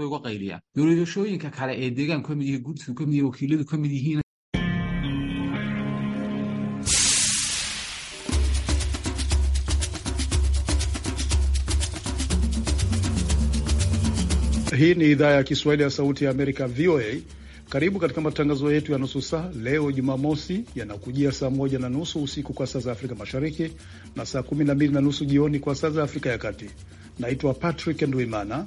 bay uga qayliyaa doorashooyinka kale ee deegaan ka mid yihi gurtu ka mid yihi wakiiladu ka mid yihiin Hii ni idhaa ya Kiswahili ya Sauti ya Amerika, VOA. Karibu katika matangazo yetu ya nusu saa leo Jumamosi, yanakujia saa moja na nusu usiku kwa saa za Afrika Mashariki na saa kumi na mbili na nusu jioni kwa saa za Afrika ya Kati. Naitwa Patrick Ndwimana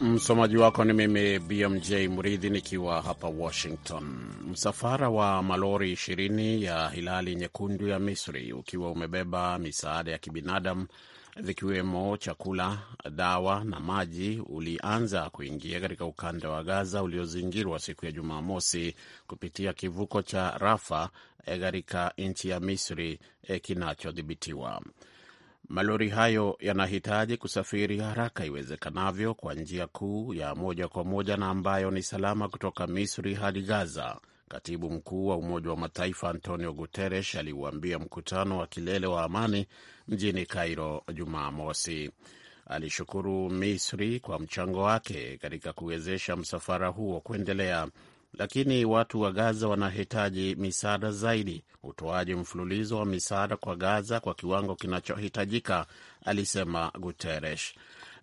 Msomaji wako ni mimi BMJ Mridhi nikiwa hapa Washington. Msafara wa malori ishirini ya Hilali Nyekundu ya Misri ukiwa umebeba misaada ya kibinadamu vikiwemo chakula, dawa na maji ulianza kuingia katika ukanda wa Gaza uliozingirwa siku ya Jumamosi kupitia kivuko cha Rafa eh, katika nchi ya Misri eh, kinachodhibitiwa. Malori hayo yanahitaji kusafiri haraka iwezekanavyo kwa njia kuu ya moja kwa moja na ambayo ni salama kutoka Misri hadi Gaza. Katibu mkuu wa Umoja wa Mataifa Antonio Guterres aliuambia mkutano wa kilele wa amani mjini Cairo Jumamosi. Alishukuru Misri kwa mchango wake katika kuwezesha msafara huo kuendelea lakini watu wa Gaza wanahitaji misaada zaidi, utoaji mfululizo wa misaada kwa Gaza kwa kiwango kinachohitajika, alisema Guterres.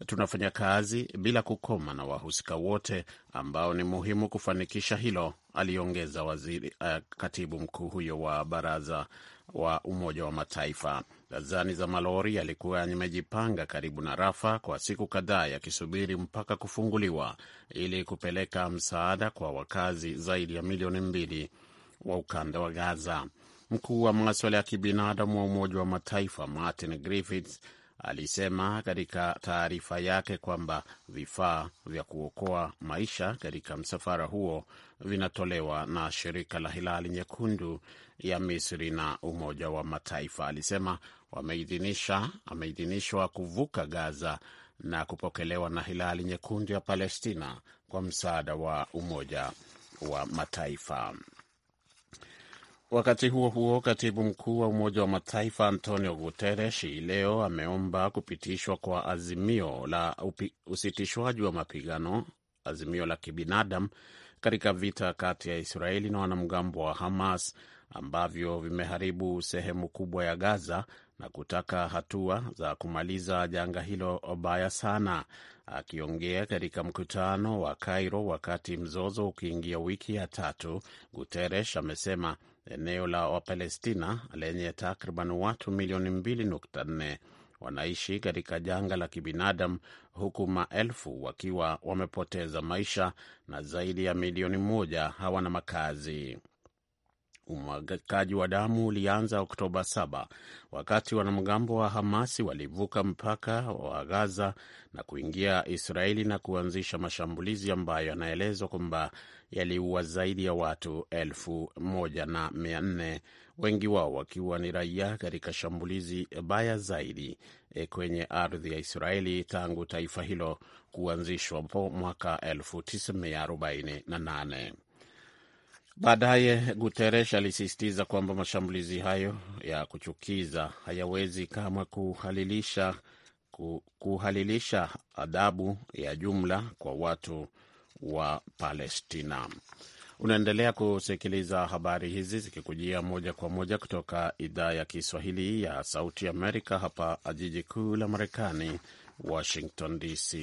Tunafanya kazi bila kukoma na wahusika wote ambao ni muhimu kufanikisha hilo, aliongeza waziri, uh, katibu mkuu huyo wa baraza wa Umoja wa Mataifa. Dazani za malori yalikuwa yamejipanga karibu na Rafa kwa siku kadhaa yakisubiri mpaka kufunguliwa ili kupeleka msaada kwa wakazi zaidi ya milioni mbili wa ukanda wa Gaza. Mkuu wa maswala ya kibinadamu wa Umoja wa Mataifa Martin Griffiths alisema katika taarifa yake kwamba vifaa vya kuokoa maisha katika msafara huo vinatolewa na shirika la Hilali Nyekundu ya Misri na Umoja wa Mataifa. Alisema wameidhinisha ameidhinishwa kuvuka Gaza na kupokelewa na Hilali Nyekundu ya Palestina kwa msaada wa Umoja wa Mataifa. Wakati huo huo, katibu mkuu wa Umoja wa Mataifa Antonio Guterres hii leo ameomba kupitishwa kwa azimio la upi, usitishwaji wa mapigano, azimio la kibinadamu katika vita kati ya Israeli na wanamgambo wa Hamas ambavyo vimeharibu sehemu kubwa ya Gaza na kutaka hatua za kumaliza janga hilo baya sana. Akiongea katika mkutano wa Cairo wakati mzozo ukiingia wiki ya tatu, Guterres amesema eneo la Wapalestina lenye takriban watu milioni 2.4 wanaishi katika janga la kibinadamu huku maelfu wakiwa wamepoteza maisha na zaidi ya milioni moja hawana makazi umwagikaji wa damu ulianza Oktoba 7 wakati wanamgambo wa Hamasi walivuka mpaka wa Gaza na kuingia Israeli na kuanzisha mashambulizi ambayo yanaelezwa kwamba yaliua zaidi ya watu elfu moja na mia nne wengi wao wakiwa ni raia katika shambulizi baya zaidi e, kwenye ardhi ya Israeli tangu taifa hilo kuanzishwa mwaka 1948. Baadaye Guterres alisisitiza kwamba mashambulizi hayo ya kuchukiza hayawezi kamwe kuhalilisha, kuhalilisha adhabu ya jumla kwa watu wa Palestina. Unaendelea kusikiliza habari hizi zikikujia moja kwa moja kutoka idhaa ya Kiswahili ya Sauti Amerika, hapa jiji kuu la Marekani, Washington DC.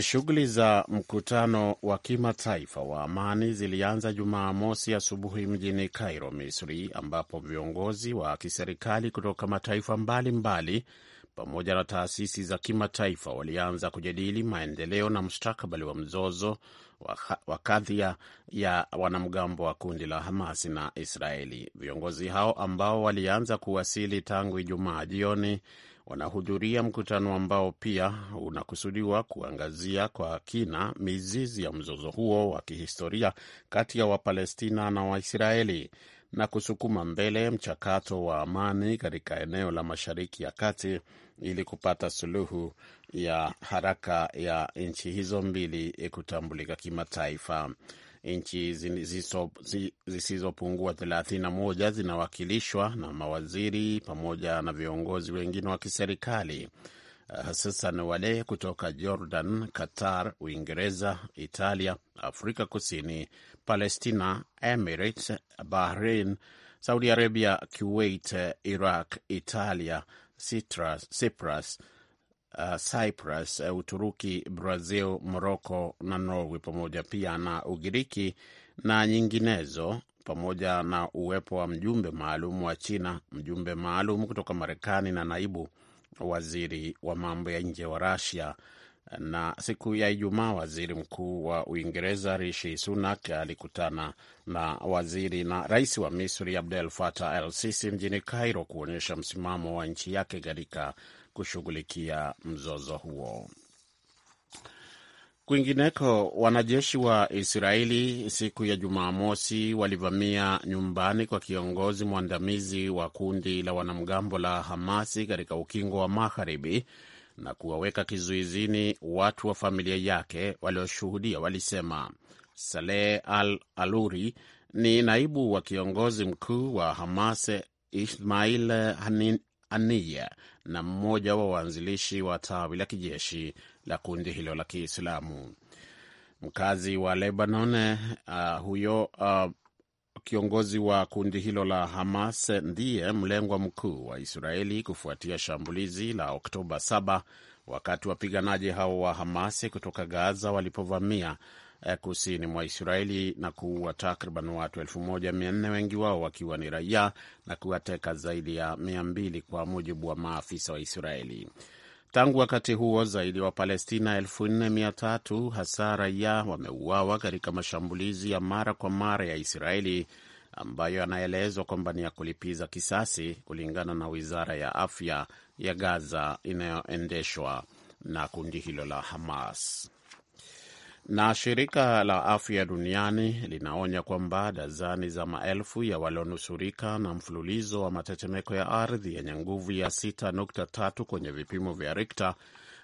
Shughuli za mkutano wa kimataifa wa amani zilianza Jumamosi asubuhi mjini Cairo, Misri, ambapo viongozi wa kiserikali kutoka mataifa mbalimbali mbali, pamoja na taasisi za kimataifa walianza kujadili maendeleo na mustakabali wa mzozo wa kadhia ya wanamgambo wa kundi la Hamas na Israeli. Viongozi hao ambao walianza kuwasili tangu Ijumaa jioni wanahudhuria mkutano ambao pia unakusudiwa kuangazia kwa kina mizizi ya mzozo huo wa kihistoria kati ya Wapalestina na Waisraeli na kusukuma mbele mchakato wa amani katika eneo la Mashariki ya Kati ili kupata suluhu ya haraka ya nchi hizo mbili kutambulika kimataifa. Nchi zisizopungua moja zinawakilishwa na mawaziri pamoja na viongozi wengine wa kiserikali, hususan uh, wale kutoka Jordan, Qatar, Uingereza, Italia, Afrika Kusini, Palestina, Emirates, Bahrain, Saudi Arabia, Kuwait, Iraq, Italia, Cyprus uh, Cyprus, uh, Uturuki, Brazil, Morocco na Norway pamoja pia na Ugiriki na nyinginezo, pamoja na uwepo wa mjumbe maalum wa China, mjumbe maalum kutoka Marekani na naibu waziri wa mambo ya nje wa rasia Na siku ya Ijumaa, waziri mkuu wa Uingereza Rishi Sunak alikutana na waziri na rais wa Misri Abdel Fattah el Sisi mjini Cairo kuonyesha msimamo wa nchi yake katika kushughulikia mzozo huo. Kwingineko, wanajeshi wa Israeli siku ya Jumamosi walivamia nyumbani kwa kiongozi mwandamizi wa kundi la wanamgambo la Hamasi katika ukingo wa Magharibi na kuwaweka kizuizini watu wa familia yake walioshuhudia walisema. Saleh Al Aluri ni naibu wa kiongozi mkuu wa Hamas Ismail Haniya na mmoja wa waanzilishi wa tawi la kijeshi la kundi hilo la Kiislamu. Mkazi wa Lebanon uh, huyo uh, kiongozi wa kundi hilo la Hamas ndiye mlengwa mkuu wa Israeli kufuatia shambulizi la Oktoba 7 wakati wapiganaji hao wa Hamas kutoka Gaza walipovamia Eh, kusini mwa Israeli na kuua takriban watu 14 wengi wao wakiwa ni raia na kuwateka zaidi ya 200 kwa mujibu wa maafisa wa Israeli. Tangu wakati huo zaidi ya Wapalestina 43 hasa raia wameuawa katika mashambulizi ya mara kwa mara ya Israeli ambayo yanaelezwa kwamba ni ya kulipiza kisasi, kulingana na wizara ya afya ya Gaza inayoendeshwa na kundi hilo la Hamas. Na shirika la afya duniani linaonya kwamba dazani za maelfu ya walionusurika na mfululizo wa matetemeko ya ardhi yenye nguvu ya 6.3 kwenye vipimo vya rikta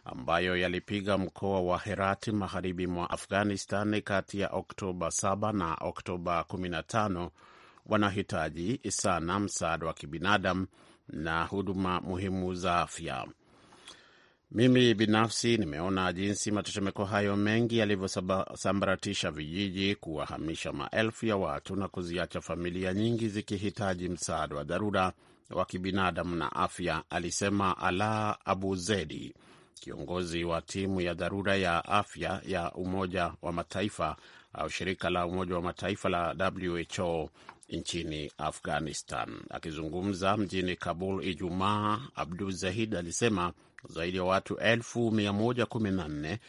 ambayo yalipiga mkoa wa Herati magharibi mwa Afghanistan kati ya Oktoba 7 na Oktoba 15 wanahitaji sana msaada wa kibinadamu na huduma muhimu za afya. Mimi binafsi nimeona jinsi matetemeko hayo mengi yalivyosambaratisha vijiji, kuwahamisha maelfu ya watu na kuziacha familia nyingi zikihitaji msaada wa dharura wa kibinadamu na afya, alisema Ala Abu Zedi, kiongozi wa timu ya dharura ya afya ya Umoja wa Mataifa au shirika la Umoja wa Mataifa la WHO nchini Afghanistan. Akizungumza mjini Kabul Ijumaa, Abdu Zahid alisema zaidi ya watu elfu mia moja kumi na nne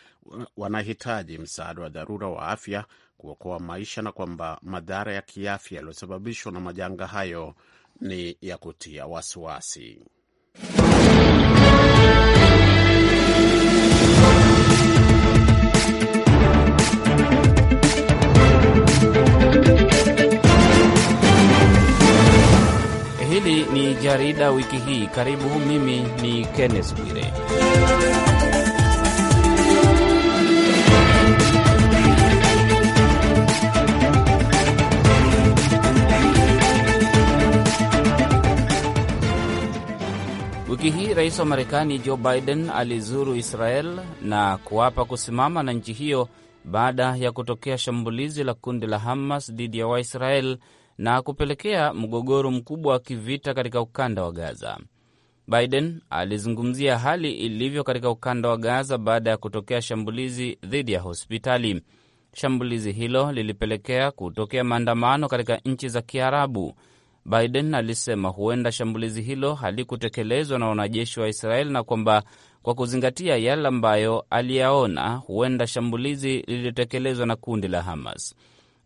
wanahitaji msaada wa dharura wa afya kuokoa maisha na kwamba madhara ya kiafya yaliyosababishwa na majanga hayo ni ya kutia wasiwasi. Hili ni jarida wiki hii. Karibu, mimi ni Kenneth Bwire. Wiki hii rais wa Marekani Joe Biden alizuru Israel na kuapa kusimama na nchi hiyo baada ya kutokea shambulizi la kundi la Hamas dhidi ya Waisrael na kupelekea mgogoro mkubwa wa kivita katika ukanda wa Gaza. Biden alizungumzia hali ilivyo katika ukanda wa Gaza baada ya kutokea shambulizi dhidi ya hospitali. Shambulizi hilo lilipelekea kutokea maandamano katika nchi za Kiarabu. Biden alisema huenda shambulizi hilo halikutekelezwa na wanajeshi wa Israeli na kwamba kwa kuzingatia yale ambayo aliyaona, huenda shambulizi lilitekelezwa na kundi la Hamas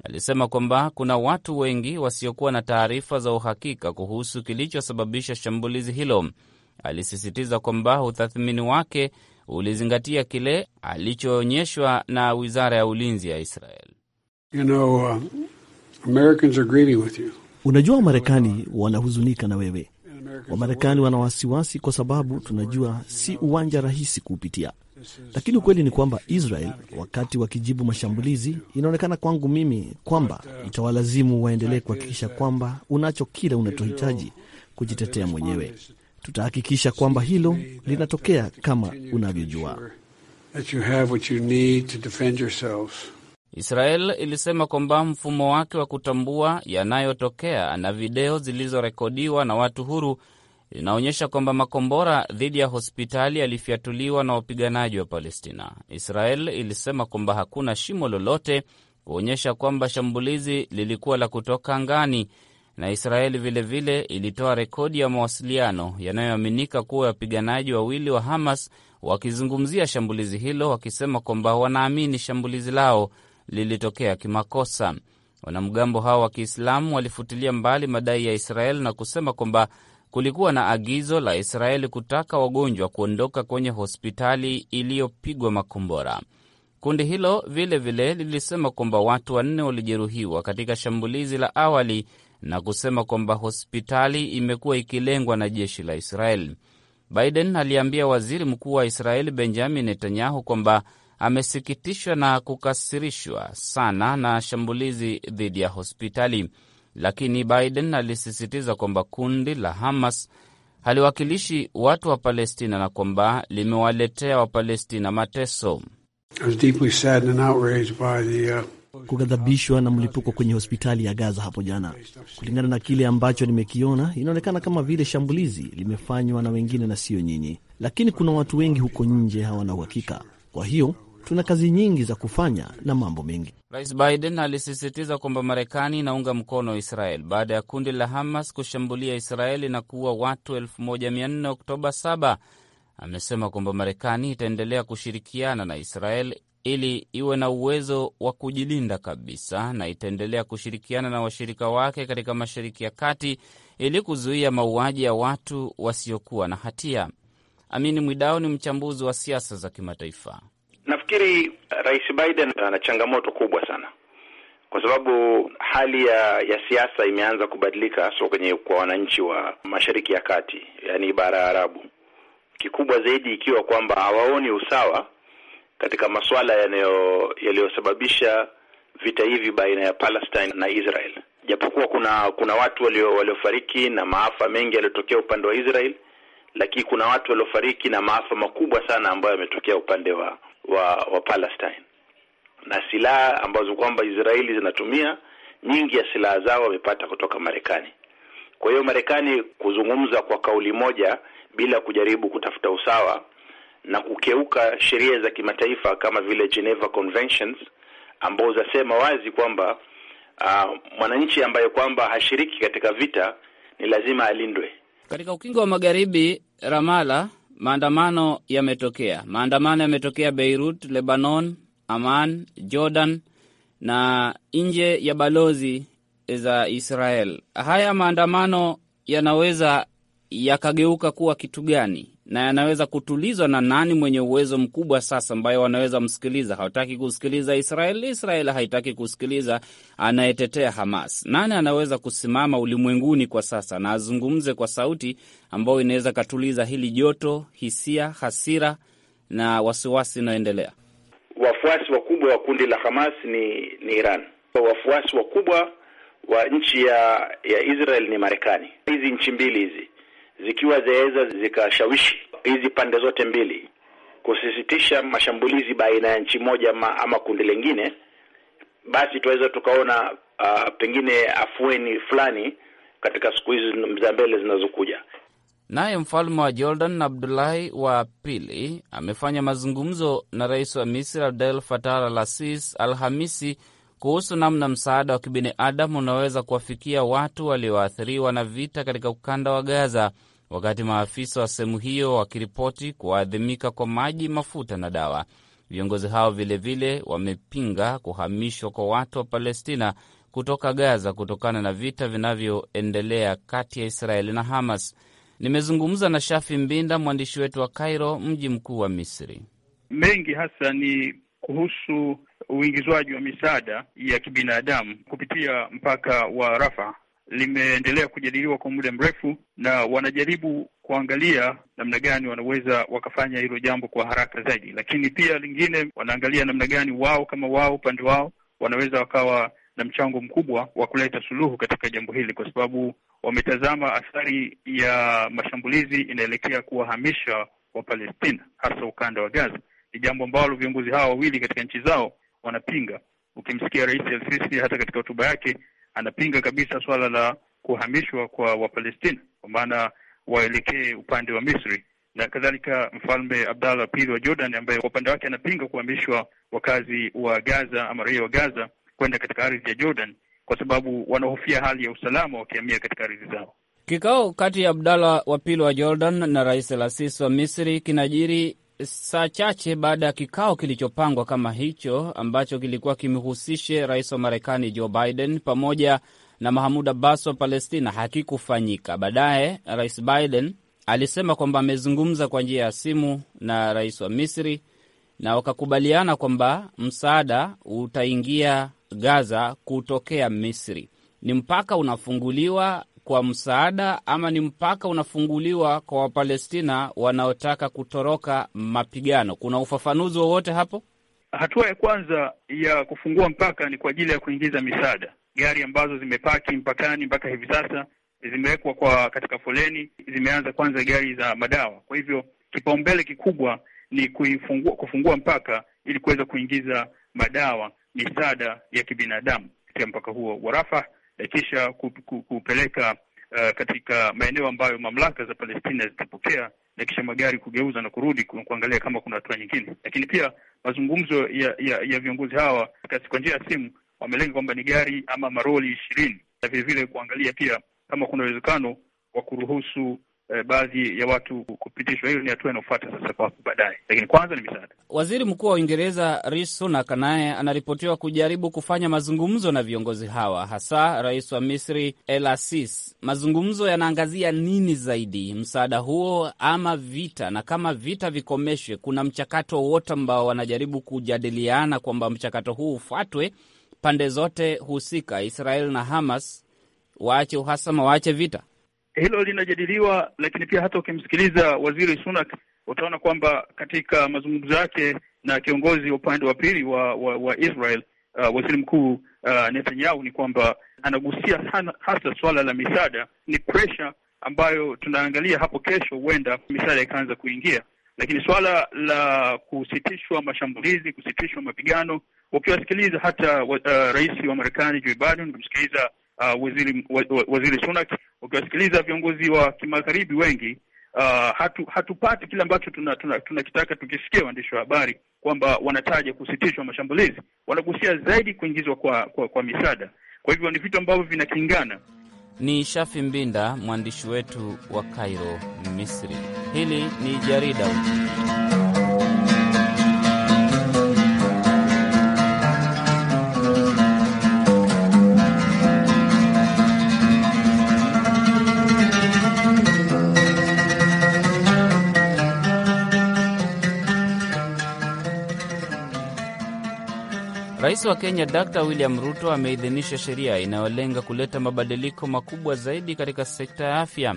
alisema kwamba kuna watu wengi wasiokuwa na taarifa za uhakika kuhusu kilichosababisha shambulizi hilo. Alisisitiza kwamba utathmini wake ulizingatia kile alichoonyeshwa na wizara ya ulinzi ya Israel. You know, uh, Unajua, Wamarekani wanahuzunika na wewe. Wamarekani wana wasiwasi kwa sababu tunajua si uwanja rahisi kuupitia. Lakini ukweli ni kwamba Israel wakati wakijibu mashambulizi, inaonekana kwangu mimi kwamba itawalazimu waendelee kuhakikisha kwamba unacho kila unachohitaji kujitetea mwenyewe. Tutahakikisha kwamba hilo linatokea kama unavyojua. Israel ilisema kwamba mfumo wake wa kutambua yanayotokea na video zilizorekodiwa na watu huru linaonyesha kwamba makombora dhidi ya hospitali yalifyatuliwa na wapiganaji wa Palestina. Israel ilisema kwamba hakuna shimo lolote kuonyesha kwamba shambulizi lilikuwa la kutoka angani, na Israeli vilevile ilitoa rekodi ya mawasiliano yanayoaminika kuwa wapiganaji wawili wa Hamas wakizungumzia shambulizi hilo, wakisema kwamba wanaamini shambulizi lao lilitokea kimakosa. Wanamgambo hao wa Kiislamu walifutilia mbali madai ya israel na kusema kwamba kulikuwa na agizo la Israeli kutaka wagonjwa kuondoka kwenye hospitali iliyopigwa makombora. Kundi hilo vilevile vile lilisema kwamba watu wanne walijeruhiwa katika shambulizi la awali na kusema kwamba hospitali imekuwa ikilengwa na jeshi la Israeli. Biden aliambia waziri mkuu wa Israeli Benjamin Netanyahu kwamba amesikitishwa na kukasirishwa sana na shambulizi dhidi ya hospitali lakini Biden alisisitiza kwamba kundi la Hamas haliwakilishi watu wa Palestina na kwamba limewaletea Wapalestina mateso. Uh, Kughadhabishwa na mlipuko kwenye hospitali ya Gaza hapo jana. Kulingana na kile ambacho nimekiona, inaonekana kama vile shambulizi limefanywa na wengine na siyo nyinyi, lakini kuna watu wengi huko nje hawana uhakika. Kwa hiyo tuna kazi nyingi za kufanya na mambo mengi. Rais Biden alisisitiza kwamba Marekani inaunga mkono Israel baada ya kundi la Hamas kushambulia Israeli na kuua watu 1400 Oktoba 7. Amesema kwamba Marekani itaendelea kushirikiana na Israel ili iwe na uwezo wa kujilinda kabisa na itaendelea kushirikiana na washirika wake katika Mashariki ya Kati ili kuzuia mauaji ya watu wasiokuwa na hatia. Amini Mwidao ni mchambuzi wa siasa za kimataifa. Nafikiri uh, Rais Biden ana changamoto kubwa sana kwa sababu hali ya ya siasa imeanza kubadilika hasa kwenye kwa wananchi wa Mashariki ya Kati, yaani bara ya Arabu, kikubwa zaidi ikiwa kwamba hawaoni usawa katika masuala yaliyosababisha vita hivi baina ya Palestine na Israel. Japokuwa kuna kuna watu waliofariki na maafa mengi yaliyotokea upande wa Israel, lakini kuna watu waliofariki na maafa makubwa sana ambayo yametokea upande wa wa wa Palestine, na silaha ambazo kwamba Israeli zinatumia nyingi ya silaha zao wamepata kutoka Marekani. Kwa hiyo Marekani kuzungumza kwa kauli moja bila kujaribu kutafuta usawa na kukeuka sheria za kimataifa kama vile Geneva Conventions ambazo zasema wazi kwamba uh, mwananchi ambaye kwamba hashiriki katika vita ni lazima alindwe. Katika ukingo wa magharibi Ramala maandamano yametokea. Maandamano yametokea Beirut, Lebanon, Aman, Jordan na nje ya balozi za Israel. Haya maandamano yanaweza yakageuka kuwa kitu gani na yanaweza kutulizwa na nani mwenye uwezo mkubwa sasa, ambayo wanaweza msikiliza. Hawataki kusikiliza Israel, Israel haitaki kusikiliza anayetetea Hamas. Nani anaweza kusimama ulimwenguni kwa sasa na azungumze kwa sauti ambayo inaweza katuliza hili joto, hisia, hasira na wasiwasi inayoendelea? Wafuasi wakubwa wa kundi la Hamas ni, ni Iran. Wafuasi wakubwa wa nchi ya, ya Israel ni Marekani. Hizi nchi mbili hizi zikiwa zaweza zikashawishi hizi pande zote mbili kusisitisha mashambulizi baina ya nchi moja ama, ama kundi lingine, basi tunaweza tukaona uh, pengine afueni fulani katika siku hizi za mbele zinazokuja. Naye mfalme wa Jordan Abdulahi wa pili amefanya mazungumzo na rais wa Misri Abdel Fattah al-Sisi Alhamisi kuhusu namna msaada wa kibinadamu unaweza kuwafikia watu walioathiriwa na vita katika ukanda wa Gaza, wakati maafisa wa sehemu hiyo wakiripoti kuwaadhimika kwa maji, mafuta na dawa. Viongozi hao vilevile wamepinga kuhamishwa kwa watu wa Palestina kutoka Gaza kutokana na vita vinavyoendelea kati ya Israeli na Hamas. Nimezungumza na Shafi Mbinda, mwandishi wetu wa Cairo, mji mkuu wa Misri. Mengi hasa ni kuhusu uingizwaji wa misaada ya kibinadamu kupitia mpaka wa Rafa limeendelea kujadiliwa kwa muda mrefu, na wanajaribu kuangalia namna gani wanaweza wakafanya hilo jambo kwa haraka zaidi, lakini pia lingine wanaangalia namna gani wao kama wao upande wao wanaweza wakawa na mchango mkubwa wa kuleta suluhu katika jambo hili, kwa sababu wametazama athari ya mashambulizi inaelekea kuwahamisha Wapalestina hasa ukanda wa Gaza. Ni jambo ambalo viongozi hawa wawili katika nchi zao wanapinga. Ukimsikia Rais El-Sisi hata katika hotuba yake anapinga kabisa swala la kuhamishwa kwa Wapalestina, kwa maana waelekee upande wa Misri na kadhalika. Mfalme Abdallah pili wa Jordan, ambaye kwa upande wake anapinga kuhamishwa wakazi wa Gaza ama raia wa Gaza kwenda katika ardhi ya Jordan kwa sababu wanahofia hali ya usalama wakihamia katika ardhi zao. Kikao kati ya Abdallah wa pili wa Jordan na Rais lasis sisi wa Misri kinajiri saa chache baada ya kikao kilichopangwa kama hicho ambacho kilikuwa kimhusishe rais wa Marekani Joe Biden pamoja na Mahamud Abbas wa Palestina hakikufanyika. Baadaye rais Biden alisema kwamba amezungumza kwa njia ya simu na rais wa Misri na wakakubaliana kwamba msaada utaingia Gaza kutokea Misri, ni mpaka unafunguliwa kwa msaada ama ni mpaka unafunguliwa kwa Wapalestina wanaotaka kutoroka mapigano? Kuna ufafanuzi wowote hapo? Hatua ya kwanza ya kufungua mpaka ni kwa ajili ya kuingiza misaada. Gari ambazo zimepaki mpakani mpaka hivi sasa zimewekwa kwa katika foleni, zimeanza kwanza gari za madawa. Kwa hivyo kipaumbele kikubwa ni kuifungua, kufungua mpaka ili kuweza kuingiza madawa, misaada ya kibinadamu katika mpaka huo wa Rafa e, kisha kupeleka uh, katika maeneo ambayo mamlaka za Palestina zitapokea na kisha magari kugeuza na kurudi kuangalia kama kuna hatua nyingine. Lakini pia mazungumzo ya ya, ya viongozi hawa kwa njia ya simu wamelenga kwamba ni gari ama maroli ishirini na vilevile kuangalia pia kama kuna uwezekano wa kuruhusu eh, baadhi ya watu kupitishwa. Hiyo ni hatua inayofuata sasa kwa hapo baadaye, lakini kwanza ni misaada. Waziri Mkuu wa Uingereza Rishi Sunak naye anaripotiwa kujaribu kufanya mazungumzo na viongozi hawa, hasa rais wa Misri El Asis. Mazungumzo yanaangazia nini zaidi, msaada huo ama vita? Na kama vita vikomeshwe, kuna mchakato wowote ambao wanajaribu kujadiliana kwamba mchakato huu ufuatwe, pande zote husika, Israel na Hamas waache uhasama, waache vita hilo linajadiliwa, lakini pia hata ukimsikiliza Waziri Sunak utaona kwamba katika mazungumzo yake na kiongozi wa upande wa pili wa, wa Israel uh, waziri mkuu uh, Netanyahu ni kwamba anagusia sana hasa suala la misaada. Ni presha ambayo tunaangalia hapo kesho, huenda misaada ikaanza kuingia, lakini suala la kusitishwa mashambulizi, kusitishwa mapigano, ukiwasikiliza hata uh, rais wa Marekani Joe Biden, ukimsikiliza uh, waziri, wa, waziri Sunak ukiwasikiliza viongozi wa kimagharibi wengi Uh, hatu- hatupati kile ambacho tunakitaka tuna, tuna tukisikia waandishi wa habari kwamba wanataja kusitishwa mashambulizi, wanagusia zaidi kuingizwa kwa, kwa, kwa misaada. Kwa hivyo ni vitu ambavyo vinakingana. Ni Shafi Mbinda, mwandishi wetu wa Cairo, Misri. Hili ni jarida uchini. Rais wa Kenya d William Ruto ameidhinisha sheria inayolenga kuleta mabadiliko makubwa zaidi katika sekta ya afya.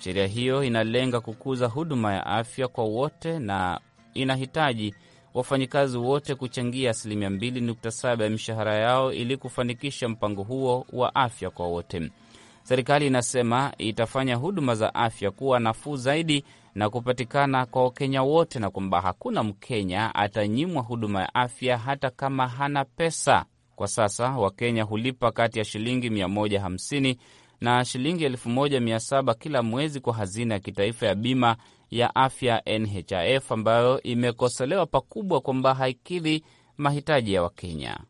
Sheria hiyo inalenga kukuza huduma ya afya kwa wote na inahitaji wafanyikazi wote kuchangia asilimia 2.7 ya mishahara yao ili kufanikisha mpango huo wa afya kwa wote. Serikali inasema itafanya huduma za afya kuwa nafuu zaidi na kupatikana kwa Wakenya wote na kwamba hakuna Mkenya atanyimwa huduma ya afya hata kama hana pesa. Kwa sasa Wakenya hulipa kati ya shilingi 150 na shilingi 1700 kila mwezi kwa hazina ya kitaifa ya bima ya afya NHIF, ambayo imekosolewa pakubwa kwamba haikidhi mahitaji ya Wakenya.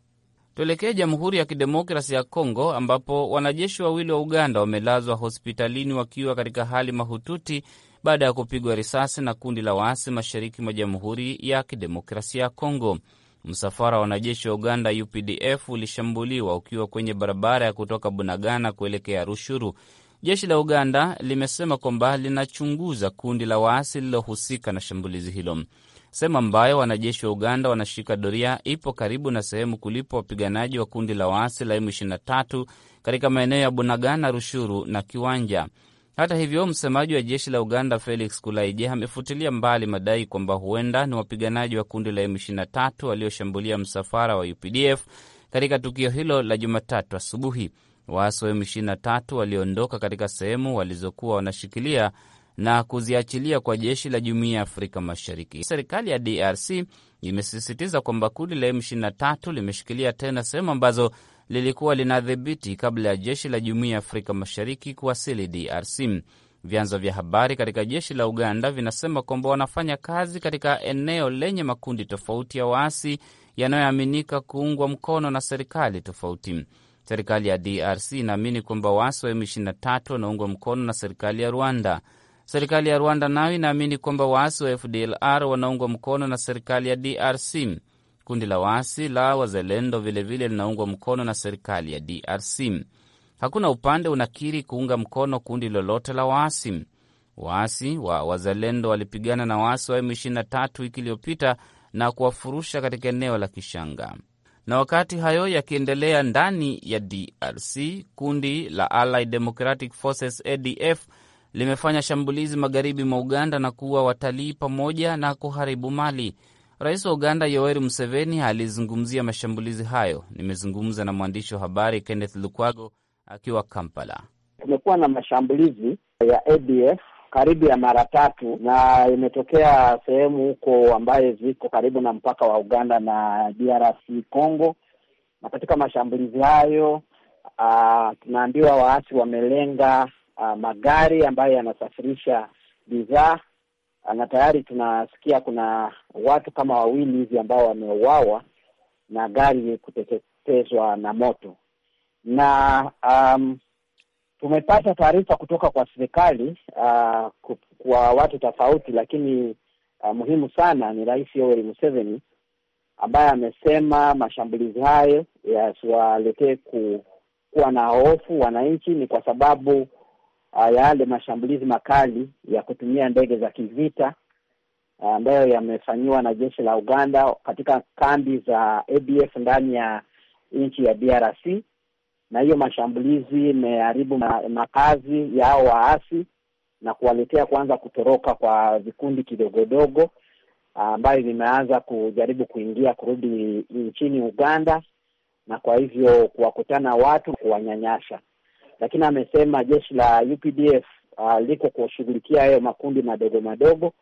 Tuelekee Jamhuri ya Kidemokrasi ya Kongo ambapo wanajeshi wawili wa Uganda wamelazwa hospitalini wakiwa katika hali mahututi baada ya kupigwa risasi na kundi la waasi mashariki mwa Jamhuri ya Kidemokrasia ya Kongo. Msafara wa wanajeshi wa Uganda UPDF ulishambuliwa ukiwa kwenye barabara ya kutoka Bunagana kuelekea Rushuru. Jeshi la Uganda limesema kwamba linachunguza kundi la waasi lililohusika na shambulizi hilo sehemu ambayo wanajeshi wa Uganda wanashika doria ipo karibu na sehemu kulipo wapiganaji wa kundi la waasi la M23 katika maeneo ya Bunagana, Rushuru na Kiwanja. Hata hivyo, msemaji wa jeshi la Uganda Felix Kulaije amefutilia mbali madai kwamba huenda ni wapiganaji wa kundi la M23 walioshambulia msafara wa UPDF katika tukio hilo la Jumatatu asubuhi. Waasi wa M23 waliondoka katika sehemu walizokuwa wanashikilia na kuziachilia kwa jeshi la jumuiya ya Afrika Mashariki. Serikali ya DRC imesisitiza kwamba kundi la M23 limeshikilia tena sehemu ambazo lilikuwa linadhibiti kabla ya jeshi la jumuiya ya Afrika Mashariki kuwasili DRC. Vyanzo vya habari katika jeshi la Uganda vinasema kwamba wanafanya kazi katika eneo lenye makundi tofauti ya waasi yanayoaminika kuungwa mkono na serikali tofauti. Serikali ya DRC inaamini kwamba waasi wa M23 wanaungwa mkono na serikali ya Rwanda. Serikali ya Rwanda nayo inaamini kwamba waasi wa FDLR wanaungwa mkono na serikali ya DRC. Kundi la waasi la Wazalendo vilevile linaungwa mkono na serikali ya DRC. Hakuna upande unakiri kuunga mkono kundi lolote la waasi. Waasi wa Wazalendo walipigana na waasi wa M23 wiki iliyopita na kuwafurusha katika eneo la Kishanga. Na wakati hayo yakiendelea ndani ya DRC, kundi la Allied Democratic Forces ADF limefanya shambulizi magharibi mwa Uganda na kuua watalii pamoja na kuharibu mali. Rais wa Uganda Yoweri Museveni alizungumzia mashambulizi hayo. Nimezungumza na mwandishi wa habari Kenneth Lukwago akiwa Kampala. Kumekuwa na mashambulizi ya ADF karibu ya mara tatu na imetokea sehemu huko ambayo ziko karibu na mpaka wa Uganda na DRC Congo. Na katika mashambulizi hayo ah, tunaambiwa waasi wamelenga uh, magari ambayo yanasafirisha bidhaa ah, na tayari tunasikia kuna watu kama wawili hivi ambao wameuawa na gari kuteketezwa na moto. Na um, tumepata taarifa kutoka kwa serikali uh, kwa watu tofauti, lakini uh, muhimu sana ni Rais Yoweri Museveni ambaye amesema mashambulizi hayo yasiwaletee ku, kuwa na hofu wananchi, ni kwa sababu Ah, yale mashambulizi makali ya kutumia ndege za kivita ah, ambayo yamefanyiwa na jeshi la Uganda katika kambi za ADF ndani ya nchi ya DRC, na hiyo mashambulizi imeharibu makazi yao waasi na kuwaletea kuanza kutoroka kwa vikundi kidogodogo ah, ambayo vimeanza kujaribu kuingia kurudi nchini Uganda, na kwa hivyo kuwakutana watu kuwanyanyasha lakini amesema jeshi la UPDF uh, liko kushughulikia hayo makundi madogo madogo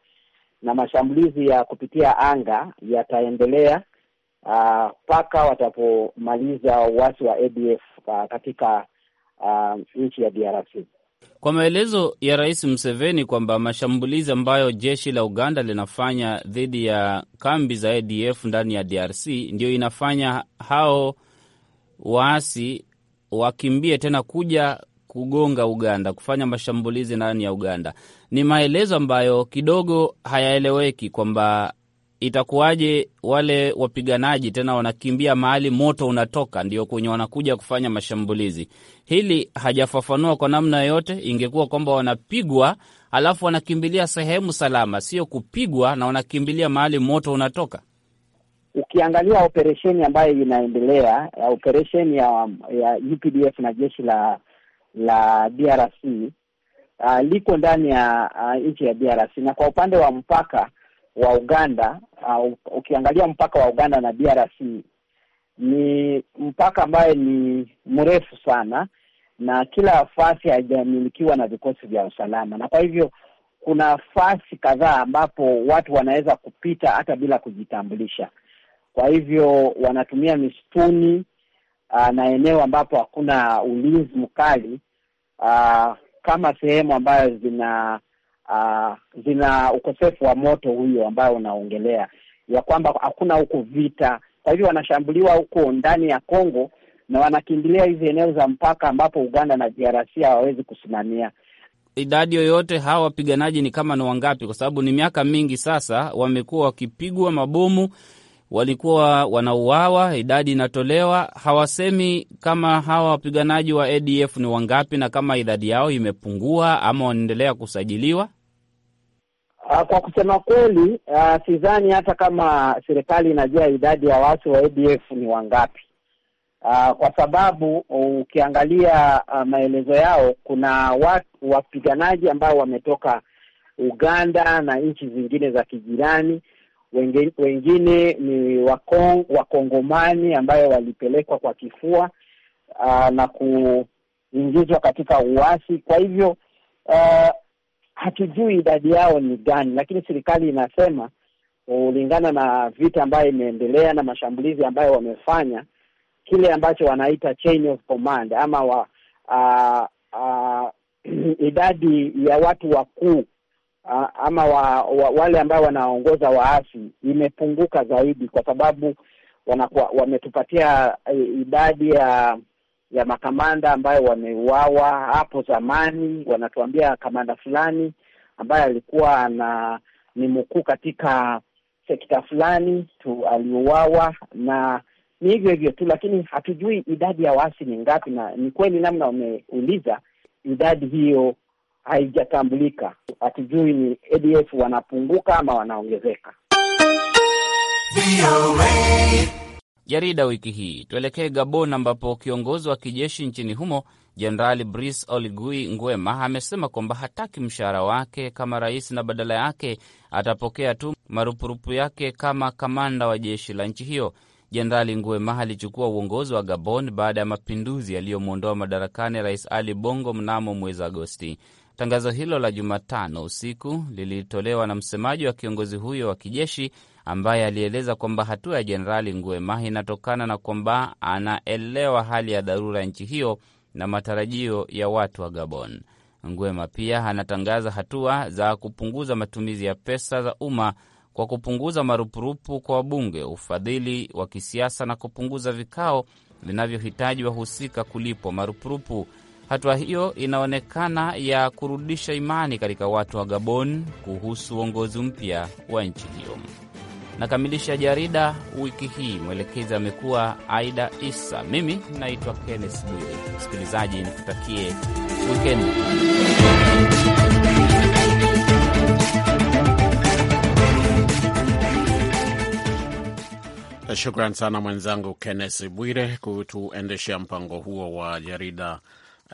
na mashambulizi ya kupitia anga yataendelea uh, mpaka uh, watapomaliza uasi wa ADF uh, katika uh, nchi ya DRC. Kwa maelezo ya Rais Museveni kwamba mashambulizi ambayo jeshi la Uganda linafanya dhidi ya kambi za ADF ndani ya DRC ndio inafanya hao waasi wakimbie tena kuja kugonga Uganda, kufanya mashambulizi ndani ya Uganda. Ni maelezo ambayo kidogo hayaeleweki kwamba itakuwaje wale wapiganaji tena wanakimbia mahali moto unatoka, ndio kwenye wanakuja kufanya mashambulizi. Hili hajafafanua kwa namna yoyote. Ingekuwa kwamba wanapigwa alafu wanakimbilia sehemu salama, sio kupigwa na wanakimbilia mahali moto unatoka. Ukiangalia operesheni ambayo inaendelea, operesheni ya ya UPDF na jeshi la la DRC uh, ah, liko ndani ya uh, nchi ya DRC, na kwa upande wa mpaka wa Uganda uh, ukiangalia mpaka wa Uganda na DRC ni mpaka ambaye ni mrefu sana, na kila fasi haijamilikiwa na vikosi vya usalama, na kwa hivyo kuna fasi kadhaa ambapo watu wanaweza kupita hata bila kujitambulisha. Kwa hivyo wanatumia misituni ah, na eneo ambapo hakuna ulinzi mkali ah, kama sehemu ambayo zina uh, zina ukosefu wa moto huyo ambayo unaongelea ya kwamba hakuna huko vita. Kwa hivyo wanashambuliwa huko ndani ya Kongo na wanakimbilia hizi eneo za mpaka ambapo Uganda na DRC hawawezi kusimamia. Idadi yoyote hawa wapiganaji ni kama ni wangapi? Kwa sababu ni miaka mingi sasa wamekuwa wakipigwa mabomu walikuwa wanauawa, idadi inatolewa, hawasemi kama hawa wapiganaji wa ADF ni wangapi na kama idadi yao imepungua ama wanaendelea kusajiliwa. Ah, kwa kusema kweli, uh, sidhani hata kama serikali inajua idadi ya watu wa ADF ni wangapi, uh, kwa sababu uh, ukiangalia uh, maelezo yao, kuna watu wapiganaji ambao wametoka Uganda na nchi zingine za kijirani wengine, wengine ni wakong, wakongomani ambayo walipelekwa kwa kifua uh, na kuingizwa katika uasi. Kwa hivyo uh, hatujui idadi yao ni gani, lakini serikali inasema kulingana na vita ambayo imeendelea na mashambulizi ambayo wamefanya, kile ambacho wanaita chain of command ama wa, uh, uh, idadi ya watu wakuu ama wa, wa, wale ambao wanaongoza waasi imepunguka zaidi, kwa sababu wanakuwa wametupatia e, idadi ya ya makamanda ambayo wameuawa hapo zamani. Wanatuambia kamanda fulani ambaye alikuwa na ni mkuu katika sekta fulani tu aliuawa, na ni hivyo hivyo tu, lakini hatujui idadi ya waasi ni ngapi. Na ni kweli namna wameuliza idadi hiyo haijatambulika, hatujui ni ADF wanapunguka ama wanaongezeka. Jarida wiki hii, tuelekee Gabon ambapo kiongozi wa kijeshi nchini humo Jenerali Brice Oligui Nguema amesema kwamba hataki mshahara wake kama rais na badala yake atapokea tu marupurupu yake kama kamanda wa jeshi la nchi hiyo. Jenerali Nguema alichukua uongozi wa Gabon baada ya mapinduzi yaliyomwondoa madarakani rais Ali Bongo mnamo mwezi Agosti. Tangazo hilo la Jumatano usiku lilitolewa na msemaji wa kiongozi huyo wa kijeshi ambaye alieleza kwamba hatua ya Jenerali Nguema inatokana na kwamba anaelewa hali ya dharura ya nchi hiyo na matarajio ya watu wa Gabon. Nguema pia anatangaza hatua za kupunguza matumizi ya pesa za umma kwa kupunguza marupurupu kwa wabunge, ufadhili wa kisiasa na kupunguza vikao vinavyohitaji wahusika kulipwa marupurupu. Hatua hiyo inaonekana ya kurudisha imani katika watu wa Gabon kuhusu uongozi mpya wa nchi hiyo. Nakamilisha jarida wiki hii. Mwelekezi amekuwa Aida Issa, mimi naitwa Kenneth Bwire. Msikilizaji, nikutakie wikendi. Shukran sana mwenzangu Kenneth Bwire kutuendeshea mpango huo wa jarida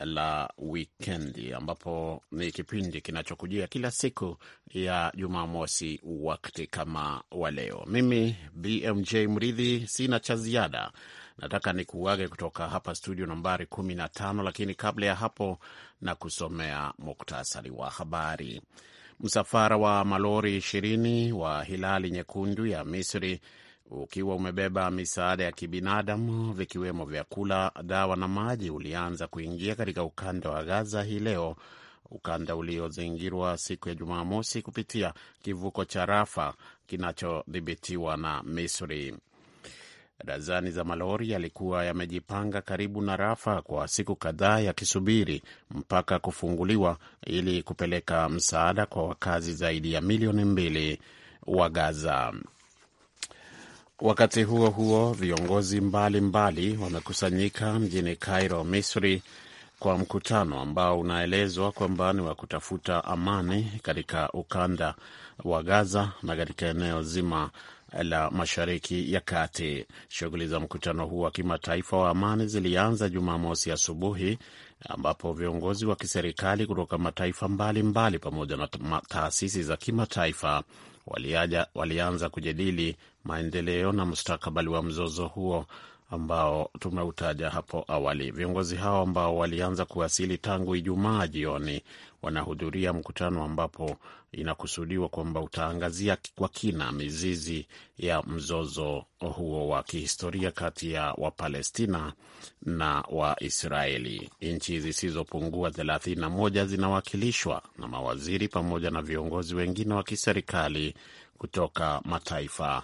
la wikendi, ambapo ni kipindi kinachokujia kila siku ya Jumamosi wakati kama wa leo. Mimi BMJ Mridhi, sina cha ziada, nataka nikuage kutoka hapa studio nambari 15, lakini kabla ya hapo na kusomea muktasari wa habari. Msafara wa malori ishirini wa Hilali Nyekundu ya Misri ukiwa umebeba misaada ya kibinadamu vikiwemo vyakula, dawa na maji, ulianza kuingia katika ukanda wa Gaza hii leo, ukanda uliozingirwa siku ya Jumamosi kupitia kivuko cha Rafa kinachodhibitiwa na Misri. Dazani za malori yalikuwa yamejipanga karibu na Rafa kwa siku kadhaa yakisubiri mpaka kufunguliwa ili kupeleka msaada kwa wakazi zaidi ya milioni mbili wa Gaza. Wakati huo huo, viongozi mbalimbali wamekusanyika mjini Cairo, Misri, kwa mkutano ambao unaelezwa kwamba ni wa kutafuta amani katika ukanda wa Gaza na katika eneo zima la Mashariki ya Kati. Shughuli za mkutano huu wa kimataifa wa amani zilianza Jumamosi asubuhi ambapo viongozi wa kiserikali kutoka mataifa mbalimbali mbali pamoja na taasisi za kimataifa walianza kujadili maendeleo na mustakabali wa mzozo huo ambao tumeutaja hapo awali. Viongozi hao ambao walianza kuwasili tangu Ijumaa jioni wanahudhuria mkutano ambapo inakusudiwa kwamba utaangazia kwa kina mizizi ya mzozo huo wa kihistoria kati ya Wapalestina na Waisraeli. Nchi zisizopungua thelathini na moja zinawakilishwa na mawaziri pamoja na viongozi wengine wa kiserikali kutoka mataifa